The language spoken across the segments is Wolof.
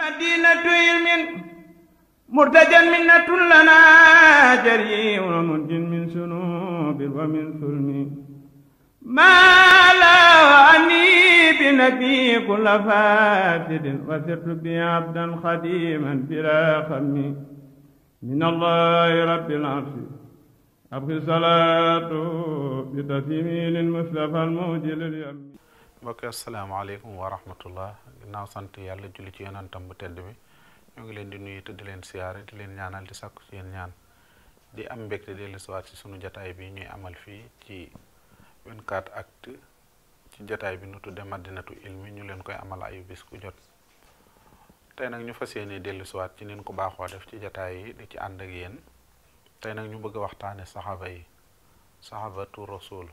madinatu ilmin murtajan minnatun lana jariun munjin min sunubin wa min sulmi ما لا أني بنبي كل فاسد وسرت بي عبدا خديما بلا خمي من الله رب العرش أبقي صلاة بتسليم للمصطفى الموجل اليمين mbokk asalaamaaleykum wa rahmatullah ginnaaw sant yàlla julli ci yonantam bu tedd bi ñoo ngi leen di nuyu te di leen siyaare di leen ñaanal di sakku ci yéen ñaan di am mbégte dellu ci sunu jataay bi ñuy amal fii ci 24 actu ci jataay bi nu tudde madinatu ilmi ñu leen koy amal ayu bis ku jot tey nag ñu fas yéene dellu ci nin ko baaxoo def ci jataay yi di ci ànd ak yéen tey nag ñu bëgg a waxtaane saxaaba yi saxaabatu rasul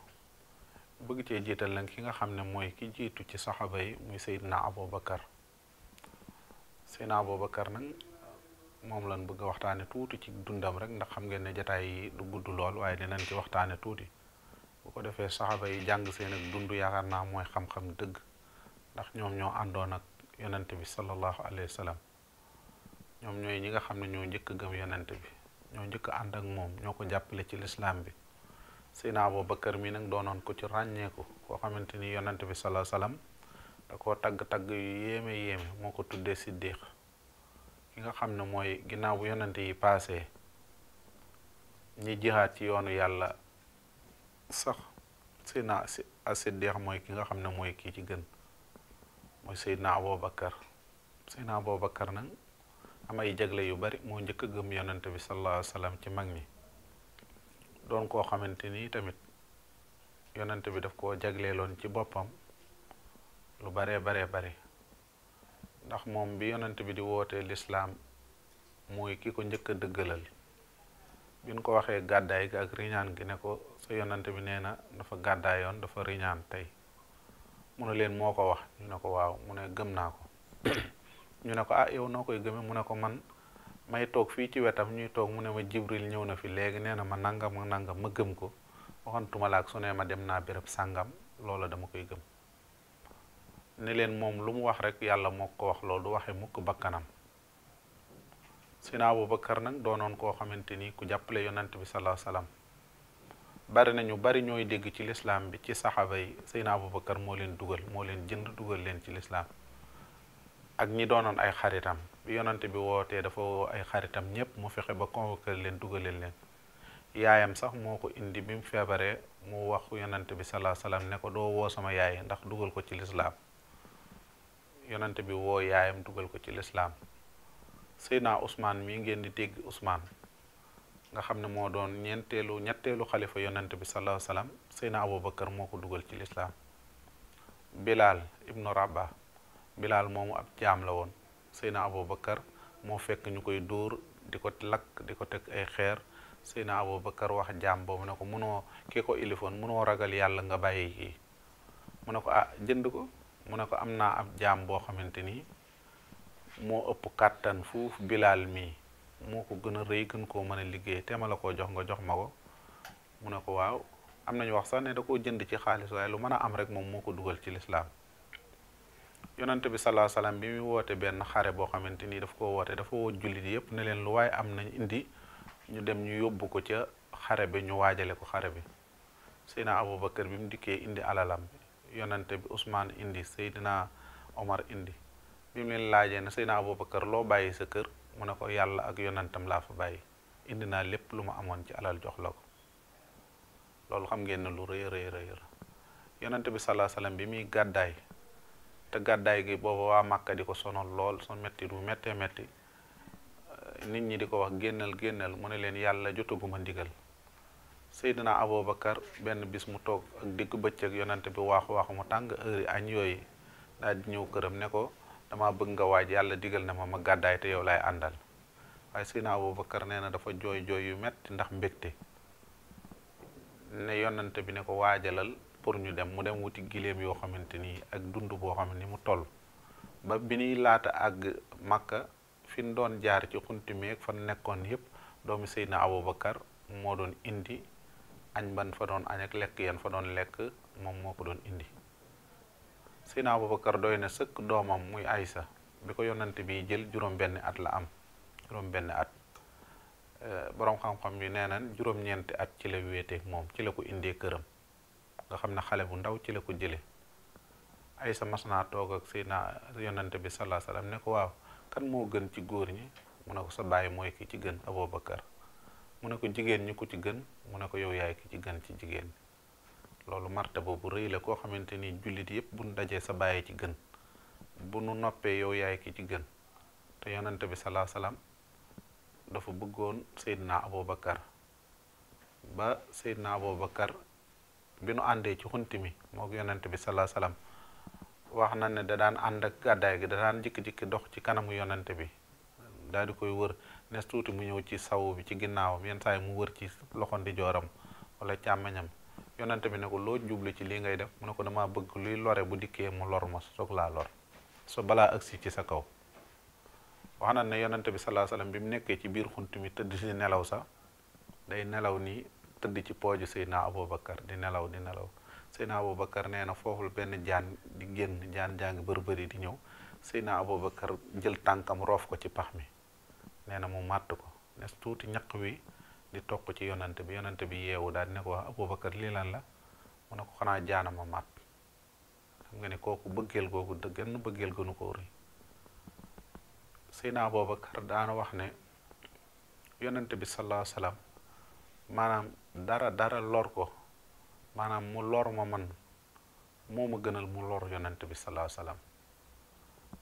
bëgg cee jiital lan ki nga xam ne mooy ki jiitu ci saxaaba yi muy Seydina Aboubacar Seydina Aboubacar nag moom lan bëgg a waxtaane tuuti ci dundam rek ndax xam ngeen ne jataay yi du gudd lool waaye dinañ ci waxtaane tuuti bu ko defee saxaaba yi jàng seen ak dund yaakaar naa mooy xam-xam dëgg ndax ñoom ñoo àndoon ak yonent bi sallallahu alayhi wa ñoom ñooy ñi nga xam ne ñoo njëkk gëm yonent bi ñoo njëkk ànd ak moom ñoo ko jàppale ci lislaam bi Seydina Abubakar mi nag doonoon ko ci ràññeeku koo xamante ni yonante bi salaa salaam da koo tagg-tagg yu yéeme yéeme moo ko tuddee siddiq ki nga xam ne mooy ginnaaw bu yonante yi paase ñi jihaat ci yoonu yàlla sax Seydina as-siddiq mooy ki nga xam ne mooy kii ci gën mooy Seydina Abubakar Seydina Abubakar nag am ay jagle yu bari moo njëkk gëm yonante bi salaa salaam ci mag ñi doon koo xamante ni tamit yonent bi daf koo jagleeloon ci boppam lu baree baree bari ndax moom bi yonent bi di wootee lislaam mooy ki ko njëkk a dëggalal bi ko waxee gàddaay gi ak riñaan gi ne ko sa yonent bi nee na dafa gàddaayoon dafa riñaan tey mu ne leen moo ko wax ñu ne ko waaw mu ne gëm naa ko ñu ne ko ah yow noo koy gëmee mu ne ko man may toog fii ci wetam ñuy toog mu ne ma Jibril ñëw na fi léegi nee na ma nangam nangam ma gëm ko waxantuma su ne ma dem naa béréb sàngam loola dama koy gëm ne leen moom lu mu wax rek yàlla moo ko wax loolu waxe mukk bakkanam sinaa sina kër nag doonoon koo xamante ni ku jàppale yonant bi salaa salaam bari na ñu bari ñooy dégg ci lislaam bi ci saxaaba yi sina Abubakar moo leen dugal moo leen jënd dugal leen ci lislaam ak ñi doonoon ay xaritam yonante bi wootee dafa woo ay xaritam ñëpp mu fexe ba convoquer leen dugaleel leen yaayam sax moo ko indi bi mu feebaree mu wax yonante bi salaa salaam ne doo woo sama yaay ndax dugal ko ci lislaam yonante bi woo yaayam dugal ko ci lislaam Seydina Ousmane mii ngeen di dégg Ousmane nga xam ne moo doon ñeenteelu ñetteelu xalifa yonante bi salaa salaam Seydina Aboubacar moo ko dugal ci lislaam Bilal ibnu Rabah Bilal moomu ab jaam la woon Seyna Aboubacar moo fekk ñu koy dóor di ko lakk di ko teg ay xeer Seyna Aboubacar wax jaam boobu ne ko munoo kii ko ilifoon munoo ragal yàlla nga bàyyi kii mu ne ko a ah, jënd ko mu ne ko am naa ab jaam boo xamante ni moo ëpp kàttan fuuf bilaal mii moo ko gën a rëy gën koo mën a liggéey te ma la koo jox nga jox ma ko mu ne ko waaw am nañu wax sax ne da koo jënd ci xaalis waaye lu mën a am rek moom moo ko dugal ci lislaam yonante bi salaa salaam bi muy woote benn xare boo xamante ni daf ko woote dafa woo jullit yëpp ne leen lu waaye am nañ indi ñu dem ñu yóbbu ko ca xare bi ñu waajale ko xare bi Seydina Aboubacar bi mu dikkee indi alalam bi yonante bi Ousmane indi Seydina Omar indi bi mu leen laajee ne Seydina Aboubacar loo bàyyi sa kër mu ne ko yàlla ak yonantam laa fa bàyyi indi naa lépp lu ma amoon ci alal jox la ko loolu xam ngeen ne lu rëy rëy rëy la yonante bi salaa salaam bi muy gàddaay te gàddaay gi booba waa Màkka di ko sonal lool son métti wu mettee métti eh, nit ñi di ko wax génnal génnal mu ne leen yàlla jotaguma ndigal Seydina Aboubacar benn bis mu toog ak digg bëccëg yonante bi waax waaxu mu tàng heure yi añ yooyu daal di ñëw këram ne ko dama bëgg nga waaj yàlla digal na ma ma gàddaay te yow lay àndal waaye Seydina Aboubacar nee na dafa jooy jooy yu metti ndax mbégte ne yonante bi ne ko waajalal pour ñu dem mu dem wuti giléem yoo xamante ni ak dund boo xam ni mu toll ba bi ñuy laata ag Makka fi ñu doon jaar ci xunti meeg fan nekkoon yëpp doomi Seydina Aboubacar moo doon indi añ ban fa doon añ lekk yan fa lekk moom moo ko doon indi Seydina Aboubacar doy na sëkk doomam muy Aysa bi ko yonante bi jël juróom-benn at la am juróom-benn at eh, boroom xam-xam yi nee nañ juróom-ñeenti at ci la wéeteeg moom ci la ko indee këram nga xam ne xale bu ndaw ci la ko jële Aysa mas naa toog ak Seydina yonante bi salaa salaam ne ko waaw kan moo gën ci góor ñi mu ne sa baay mooy ki ci gën Abubakar mu ne ko jigéen ñi ku ci gën mu ne ko yow yaay ki ci gën ci jigéen loolu marta boobu rëy koo xamante ni jullit yépp bu dajee sa baay ci gën bu nu noppee yow yaay ki ci gën te yonante bi salaa salaam dafa bëggoon Seydina Abubakar ba Seydina Abubakar bi nu àndee ci xunti mi moo yonent bi salaa salaam wax na ne da daan ànd ak gàddaay gi da daan jikki-jikki dox ci kanamu yonent bi daal di koy wër nes tuuti mu ñëw ci sawu bi ci ginnaawam yenn saa yi mu wër ci loxo jooram wala càmmeñam yonent bi ne ko loo jublu ci lii ngay def mu ne dama bëgg luy lore bu dikkee mu lor ma soog laa lor so balaa agsi ci sa kaw wax na ne yonent bi salaa salaam bi mu nekkee ci biir xunt mi tëdd si nelaw sax day nelaw nii tëdd ci pooju Seydina bakar di nelaw di nelaw Seydina Aboubacar nee na foofu benn jaan di génn jaan jàng bërbëri di ñëw Seydina Aboubacar jël tànkam roof ko ci pax mi nee na mu màtt ko nes tuuti ñaq wi di toq ci yonante bi yonante bi yeewu daal dina ko wax Aboubacar lii lan la mu ne ko xanaa jaanama màtt xam nga ne kooku bëggeel googu gënn bëggeel gënu ko rëy Seydina wax ne yonante bi sallallahu alayhi maanaam dara dara lor ko maanaam mu lor ma man moom ma gënal mu lor yonent bi salaahu salaam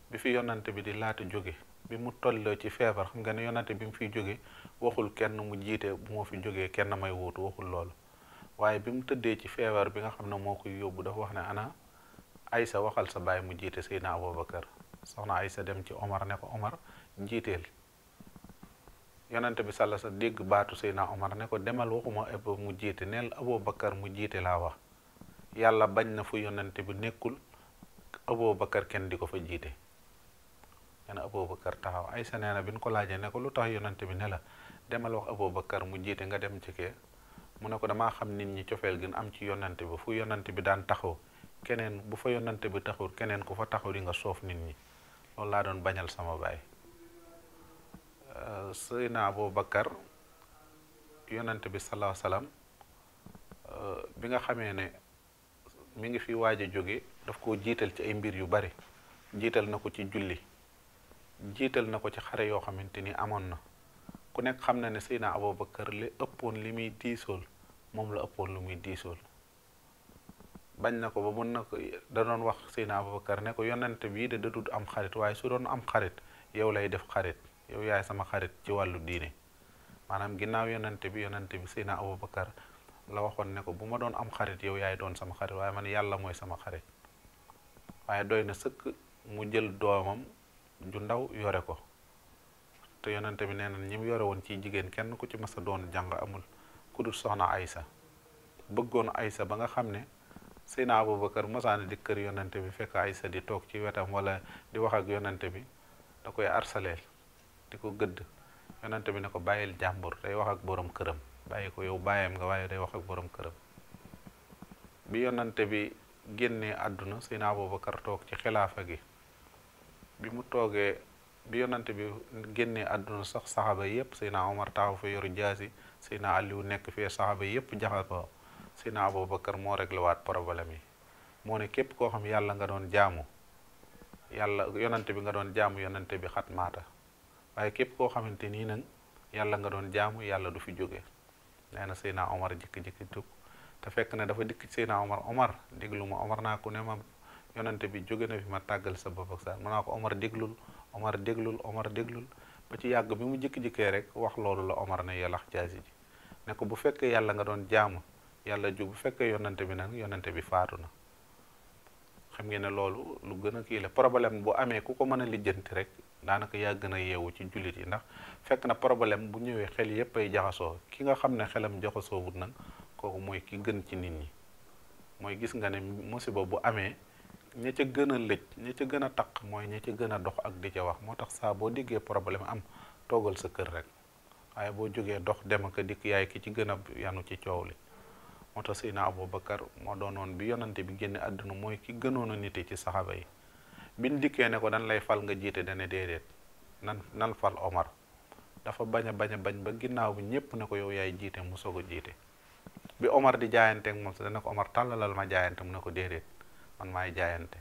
bi fi yonent bi di laata jóge bi mu tolloo ci feebar xam nga ne yonent bi mu fiy jóge waxul kenn mu jiite bu ma fi jógee kenn may wuutu waxul loolu waaye bi mu tëddee ci feebar bi nga xam ne moo koy yóbbu dafa wax ne ana Aysa waxal sa baay mu jiite Seydina Abubakar soxna Aysa dem ci Omar ne ko Omar jiiteel yonante bi sàlla sa dégg baatu naa Omar ne ko demal waxuma Abu mu jiite neel Aboubacar mu jiite laa wax yàlla bañ na fu yonante bi nekkul Aboubacar kenn di ko fa jiite nee na Aboubacar taxaw Aysa nee na ko laajee ne lu tax yonante bi ne la demal wax kër mu jiite nga dem ci kee mu ne ko damaa xam nit ñi cofeel gën am ci yonante bi fu yonante bi daan taxaw keneen bu fa yonante bi taxul keneen ku fa taxaw di nga soof nit ñi loolu laa doon bañal sama baay Seydina Abu Bakar yonent bi salaahu salaam euh, bi nga xamee ne mi ngi fi waaj a jóge daf ko jiital ci ay mbir yu bari jiital na ko ci julli jiital na ko ci xare yoo xamante ni amoon na ku nekk xam na ne Seydina Abu Bakar li ëppoon li muy diisool moom la ëppoon lu diisool bañ na ko ba mën na ko da doon wax Seydina Abu Bakar ne ko yonent bii de da dud am xarit waaye su doon am xarit yow lay def xarit yow yaay sama xarit ci wàllu diine maanaam ginnaaw yonante bi yonante bi Seydina Aboubacar la waxoon ne ko bu ma doon am xarit yow yaay doon sama xarit waaye man yàlla mooy sama xarit waaye doy na sëkk mu jël doomam ju ndaw yore ko te yonante bi nee na ñi mu yore woon ci jigéen kenn ku ci mës a doon jàng amul ku du soxna Aysa bëggoon Aysa ba nga xam ne Seydina Aboubacar mosaan di kër yonante bi fekk Aysa di toog ci wetam wala di wax ak yonante bi da koy arsaleel di ko gëdd yonent bi ne ko bàyyil jàmbur day wax ak borom këram bàyyi ko yow bàyyam nga waaye day wax ak borom këram bi yonent bi génnee àdduna Seydina toog ci xilaafa gi bi mu toogee bi bi génnee àdduna sax saxaaba yépp Seydina Omar taaw fa yoru jaasi Seydina Aliou nekk fee saxaaba yépp jaxasoo Seydina kër moo réglé waat problème yi moo ne képp koo xam yàlla nga doon jaamu yàlla yonent bi nga doon jaamu yonante bi xat maata waaye képp koo xamante nii nag yàlla nga doon jaamu yàlla du fi jóge nee na Seydina Omar jékki-jékki jóg te fekk ne dafa dikk Seydina Omar Omar déglu ma Omar naa ko ne ma yonante bi jóge na fi ma tàggal sa bopp ak sa mën naa ko Omar déglul Omar déglul Omar déglul ba ci yàgg bi mu jékki-jékkee rek wax loolu la Omar na yàlla jaasi ji ne ko bu fekkee yàlla nga doon jaamu yàlla ju bu fekkee yonante bi nag yonante bi faatu na xam ngeen ne loolu lu gën a kii la problème bu ku ko mën a lijjanti rek daanaka yaa gën a yeewu ci jullit yi ndax fekk na problème bu ñëwee xel yépp ay jaxasoo ki nga xam ne xelam jaxasoo wut nag kooku mooy ki gën ci nit ñi mooy gis nga ne musiba bu amee ña ca gën a lëj ña ca gën a taq mooy ña ca gën a dox ak di ca wax moo tax saa boo diggee problème am toogal sa kër rek waaye boo jógee dox dem ak dikk yaay ki ci gën a yanu ci coow li moo tax Seydina Abubakar moo doon doonoon bi yonante bi génne àdduna mooy ki gënoon a nite ci saxaaba yi biñ dikkee ne ko dañ lay fal nga jiite dane déedéet nan nan fal Omar dafa bañ a bañ bañ ba ginnaaw bi ñépp ne ko yow yaay jiite mu soog a jiite bi Omar di jaayante ak moom sax Omar tàllalal ma jaayante mu ne ko déedéet man maay jaayante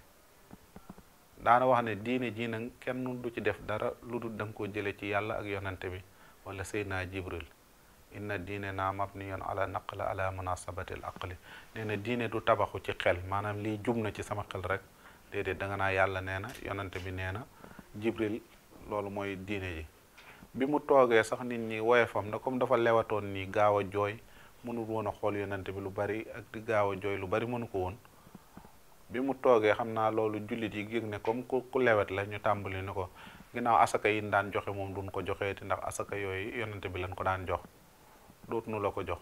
daana wax ne diine jii nag kenn du ci def dara lu dul da nga koo jële ci yàlla ak yonante bi wala Seydina Jibril inna diine naa mabniyun ala naqla ala munasabati al aqli nee na diine du tabaxu ci xel maanaam lii jub na ci sama xel rek déedéet da naa yàlla nee na yonante bi nee na jibril loolu mooy diine ji bi mu toogee sax nit ñi woyefam na comme dafa lewatoon nii gaaw a jooy mënul woon a xool yonante bi lu bari ak di gaaw a jooy lu bari mënu ko woon bi mu toogee xam naa loolu jullit yi yëg ne comme ku lewet la ñu tàmbali ne ko ginnaaw asaka yi daan joxe moom duñ ko joxeeti ndax asaka yooyu yonante bi lañ ko daan jox dootuñu la ko jox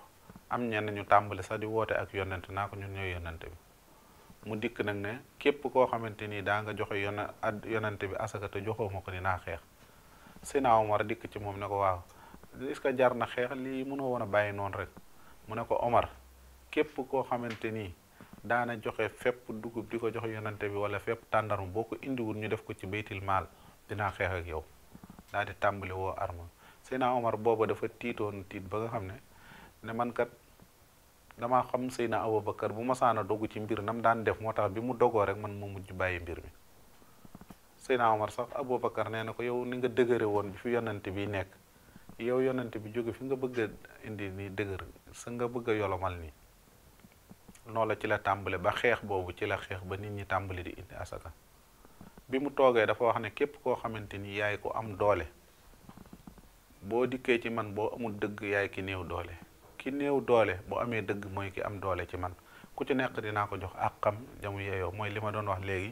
am ñenn ñu tàmbali sax di woote ak yonante naa ko ñun ñooy yonante bi mu dikk nag ne képp koo xamante ni daa nga joxe yon ad yonante bi asaka te joxoo ko ni naa xeex Seydina Omar dikk ci moom ne ko waaw est jar na xeex lii mënoo woon a bàyyi noonu rek mu ne ko Omar képp koo xamante ni daana joxe fépp dugub di ko jox yonante bi wala fépp tàndarum boo ko indiwul ñu def ko ci baytil maal dinaa xeex ak yow daal di tàmbali woo arma Seydina Omar booba dafa tiitoon tiit ba nga xam ne ne man damaa xam na ba Aboubacar bu a dogu ci mbir nam daan def moo tax bi mu dogoo rek man mu mujj bàyyi mbir mi Seydina Omar sax Aboubacar nee na ko yow ni nga dëgëre woon bi fi yonante bi nekk yow yonante bi jóge fi nga bëgg a indi nii dëgër sa nga bëgg a yolomal nii noo la ci la tàmbale ba xeex boobu ci la xeex ba nit ñi tàmbale di indi asaka bi mu toogee dafa wax ne képp koo xamante ni yaay ko am doole boo dikkee ci man boo amul dëgg yaay ki néew doole ki néew doole boo amee dëgg mooy ki am doole ci man ku ci nekk dinaa ko jox àqam jamu yeeyoo mooy li ma doon wax léegi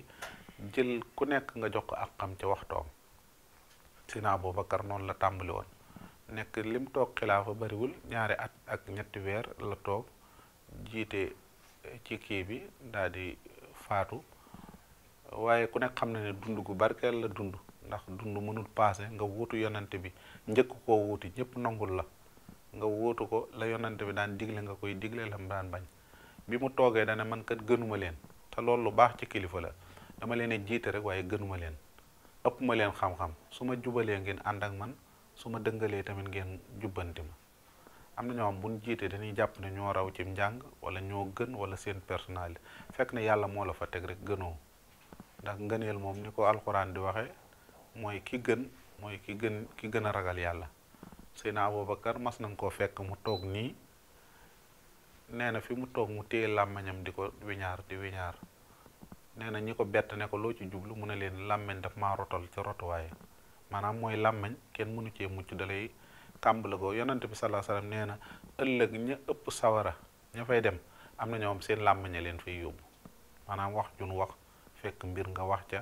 jël ku nekk nga jox ko ak àqam ci waxtoom sina Abubakar noonu la tàmbali woon nekk lim toog xilaafa bariwul ñaari at ak ñetti weer la toog jiite ci kii bi daal di faatu waaye ku nekk xam na ne dund gu barkeel la dund ndax dund mënul paase nga wuutu yonante bi njëkk ko wuuti ñëpp nangul la nga wootu ko la yonante bi daan digle nga koy digle la mu daan bañ bi mu toogee dana man kat gënuma leen ta loolu lu baax ci kilifa la dama leen a jiite rek waaye gënuma leen ëpp ma leen xam-xam su ma jubalee ngeen ànd ak man su ma dëngalee tamit ngeen jubbanti ma am na ñoo xam bu jiitee dañuy jàpp ne ñoo raw ci njàng wala ñoo gën wala seen personnalité fekk na yàlla moo la fa teg rek gënoo ndax ngëneel moom ni ko alxuraan di waxe mooy ki gën mooy ki gën ki gën a ragal yàlla Seydina Aboubacar mas nañ koo fekk mu toog nii nee na fi mu toog mu téye làmmañam di ko wiñaar di wiñaar nee na ñi ko bett ne ko loo ci jublu mu ne leen làmmañ daf maa rotal ci rotuwaay maanaam mooy làmmañ kenn mënu cee mucc dalay kàmb la ko yonante bi salaa salaam nee na ëllëg ña ëpp sawara ña fay dem am na ñoom seen làmmiña leen fay yóbbu maanaam wax jun wax fekk mbir nga wax ca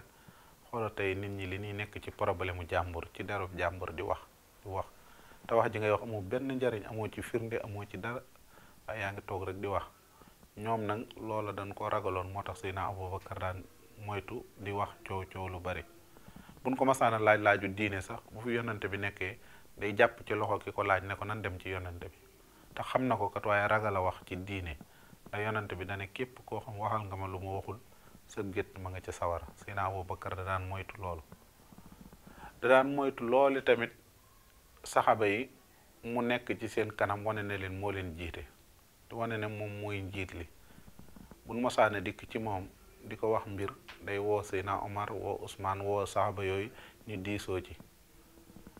xoola tey nit ñi li ñuy nekk ci problème mu jàmbur ci derub jàmbur di wax di wax te wax ji ngay wax amoo benn njariñ amoo ci firnde amoo ci dara waaye yaa ngi toog rek di wax ñoom nag loola dañ ko ragaloon moo tax Seydina Aboubacar daan moytu di wax coow coow lu bari buñ ko masaana laaj laaju diine sax bu bi nekkee day jàpp ci loxo ki ko laaj ne ko nan dem ci yonante bi te xam na ko kat waaye ragal a wax ci diine da yonante bi dane képp koo waxal nga ma lu ma waxul sa gétt ma nga ca sawara Seydina Aboubacar da daan moytu loolu daan moytu loolu tamit saxaaba yi mu nekk ci seen kanam wane ne leen moo leen jiite wane ne moom mooy njiit li buñ mosaane dikk ci moom di ko wax mbir day woo Seydina Omar woo Ousmane woo saxaaba yooyu ñu diisoo ci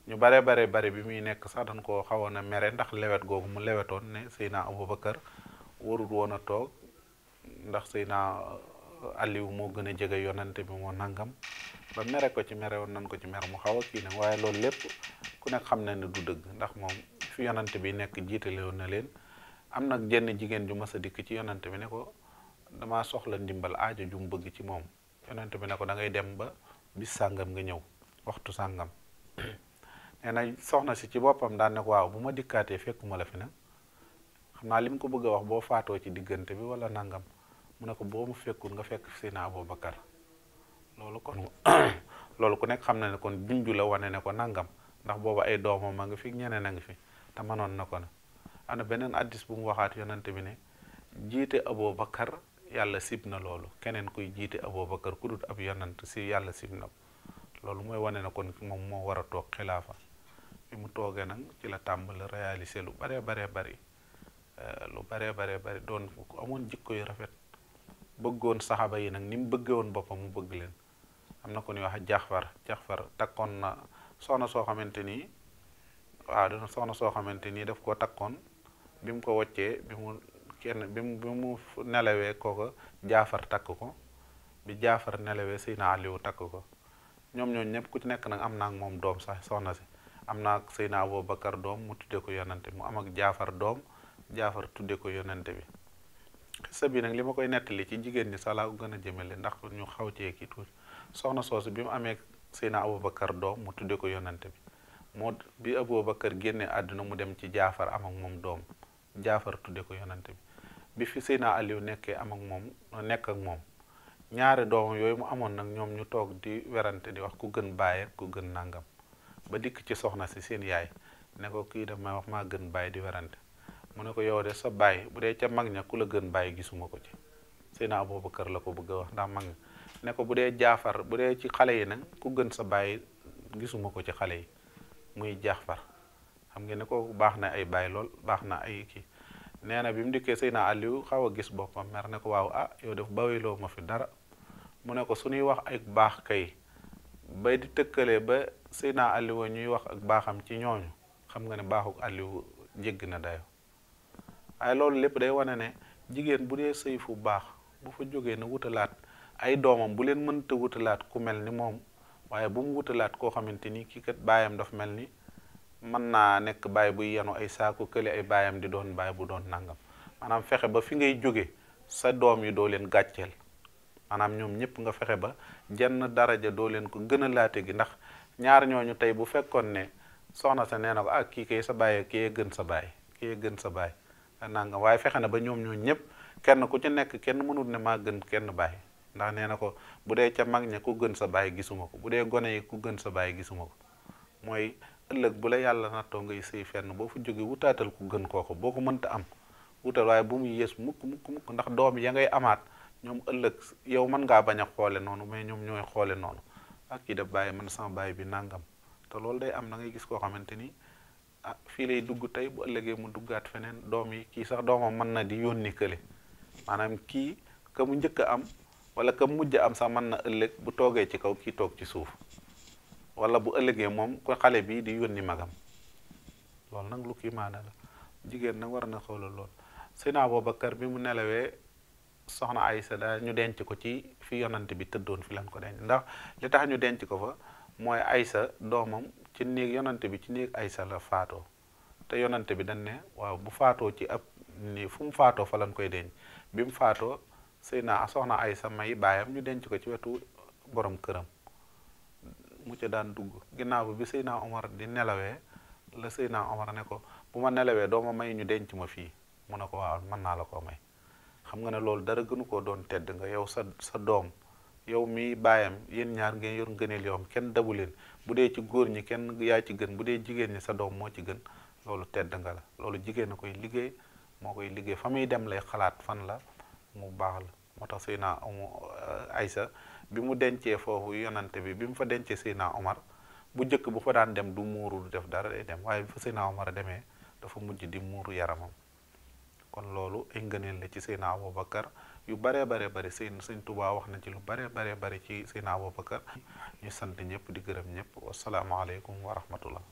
ñu bare bare bare bi muy nekk sax dañ koo xawoon a mere ndax lewet googu mu lewetoon ne Seydina Aboubacar warut woon a toog ndax sëy Seydina Aliou moo gën a jege yonante bi moo nangam ba mere ko ci mere woon nañ ko ci mer mu xaw a kii nag waaye loolu lépp nekk xam na ne du dëgg ndax moom fi yonante bi nekk jiitale woon na leen am nag jenn jigéen ju mas a dikk ci yonante bi ne ko damaa soxla ndimbal aajo ju bëgg ci moom yonante bi ne ko da dem ba bis sàngam nga ñëw waxtu sàngam nee na soxna si ci boppam daan ne ko waaw bu ma dikkaatee fekkuma la fi xam naa li ko bëgg wax boo faatoo ci diggante bi wala nangam mu ne ko boo mu fekkul nga fekk Seydina Abubakar loolu kon loolu ku nekk xam na ne kon junjul la wane ne ko nangam ndax booba ay doomam a nga fi ñeneen a nga fi te mënoon na ko na beneen addis bu mu waxaat yonante bi ne jiite Abubakar yàlla sib na loolu keneen kuy jiite Abubakar ku dut ab yonant si yàlla sib na loolu mooy wane na kon moom moo war a toog xilaafa bi mu toogee nag ci la tàmbali réaliser lu baree baree bari euh, lu baree baree bari doon amoon jikko yu rafet bëggoon saxaaba yi nag ni mu bëggee woon boppam mu bëgg leen am na ko ñuy wax jaxfar jaxfar takkoon na soxna soo xamante ni waaw dana soxna soo xamante ni daf ko takkoon bi mu ko woccee bi mu kenn bi nelawee kooka jaafar takk ko bi jaafar nelawee Seyna Aliou takk ko ñoom ñoom ñëpp ku ci nekk nag am naa moom doom sax soxna si am sëy naa ak Seyna Aboubacar doom mu tuddee ko yonante mu am ak jaafar doom jaafar tuddee ko yonante bi xisa bi nag li ma koy nettali ci jigéen ñi sax laa ko gën a jëmale ndax ñu xaw cee kii tuuti soxna soosu bi mu amee Seydina kër doom mu tuddee ko yonante bi moo bi kër génne àdduna mu dem ci Jaafar am moom doom Jaafar tuddee ko yonante bi bi fi Seydina Aliou nekkee am ak moom nekk ak moom ñaari doomam yooyu mu amoon nag ñoom ñu toog di werante di wax ku gën bàyyi ku gën nangam ba dikk ci soxna si seen yaay ne ko kii daf may wax maa gën bàyyi di werante mu ne ko yow de sa baay bu dee ca mag ña ku la gën bàyyi gisuma ko ci Seydina kër la ko bëgg a wax ndax mag ne ko bu dee jaafar bu dee ci xale yi nag ku gën sa baay gisuma ko ci xale yi muy jaafar xam ngeen ne kooku baax na ay baay lool baax na ay kii nee na bi mu dikkee sëy naa alliw xaw a gis boppam mer ne ko waaw ah yow def baweloo ma fi dara mu ne ko su ñuy wax ay baax kay bay di tëkkale ba sëy naa Aliou ñuy wax ak baaxam ci ñooñu xam nga ne baaxuk Aliou jégg na dayo ay loolu lépp day wane ne jigéen bu dee sëy fu baax bu fa jógee na wutalaat ay doomam bu leen mënta wutalaat ku mel ni moom waaye bu mu wutalaat koo xamante ni kii ka baayam daf mel ni mën naa nekk baay buy yenu ay saaku kële ay baayam di doon baay bu doon nangam maanaam fexe ba fi ngay jóge sa doom yi doo leen gàcceel maanaam ñoom ñëpp nga fexe ba jenn daraja doo leen ko gëna laate gi ndax ñaar ñooñu tey bu fekkoon ne soxna sa nee na ko ah kii kay sa baay kii gën sa baay kii gën sa baay nangam waaye fexe na ba ñoom ñooñu ñëpp kenn ku ci nekk kenn mënul ne maa kenn baay ndax nee na ko bu dee ca mag ña ku gën sa baay gisuma ko bu dee gone yi ku gën sa baay gisuma ko mooy ëllëg bu la yàlla nattoo ngay sëy fenn boo fu jógee wutaatal ku gën kooku boo ko mënta am wutal waaye bu mu yées mukk mukk mukk ndax doom ya ngay amaat ñoom ëllëg yow mën ngaa bañ a xoole noonu mais ñoom ñooy xoole noonu ak ah, kii da bàyyi man sama baay bi nangam te loolu day am na ngay gis koo xamante ni ah fii lay dugg tey bu ëllëgee mu duggaat feneen doom yi kii sax doomam mën na di yónni kële maanaam kii ka njëkk am wala ka mujj am sax man na ëllëg bu toogee ci kaw kii toog ci suuf wala bu ëllëgee moom ko xale bii di yónni magam loolu nag lu kii la jigéen nag war na xoolal lool Seydina kër bi mu nelawee soxna Aysa da ñu denc ko ci fi yonante bi tëddoon fi lan ko denc ndax li tax ñu denc ko fa mooy Aysa doomam ci néeg yonante bi ci néeg Aysa la faatoo te yonante bi dañ ne waaw bu faatoo ci ab ni fu mu faatoo fa lan koy denc bi faatoo naa Seydina ay sa may baayam ñu denc ko ci wetu borom këram mu ca daan dugg ginnaaw bi Seydina Omar di nelawee la Seydina Omar ne ko bu ma nelawee doo ma may ñu denc ma fii mu ne ko waaw mën naa la koo may xam nga ne loolu dara gënu koo doon tedd nga yow sa sa doom yow mii baayam yéen ñaar ngeen yor ngëneel yoom kenn dabu leen bu dee ci góor ñi kenn yaa ci gën bu dee jigéen ñi sa doom moo ci gën loolu tedd nga la loolu jigéen a koy liggéey moo koy liggéey fa muy dem lay xalaat fan la mu baax la moo tax Seydina Aysa euh, bi mu dencee foofu yonante bi bi mu fa dencee Seydina Omar bu njëkk bu fa daan dem du muuru du def dara day dem waaye bi fa Seydina Omar a demee dafa mujj di muuru yaramam kon loolu ay ngëneel la ci Seydina Aboubacar yu baree baree bari sëñ sëñ Tuubaa wax na ci lu baree baree bari ci Seydina Aboubacar ñu sant ñëpp di gërëm ñëpp wasalaamaaleykum wa rahmatullah